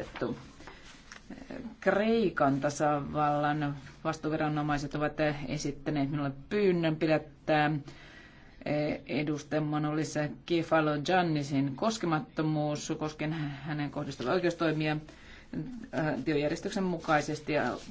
otettu. Kreikan tasavallan vastuuviranomaiset ovat esittäneet minulle pyynnön pidättää edustaja olisi Kefalo Jannisin koskemattomuus koskien hänen kohdistuvaa oikeustoimia työjärjestyksen mukaisesti ja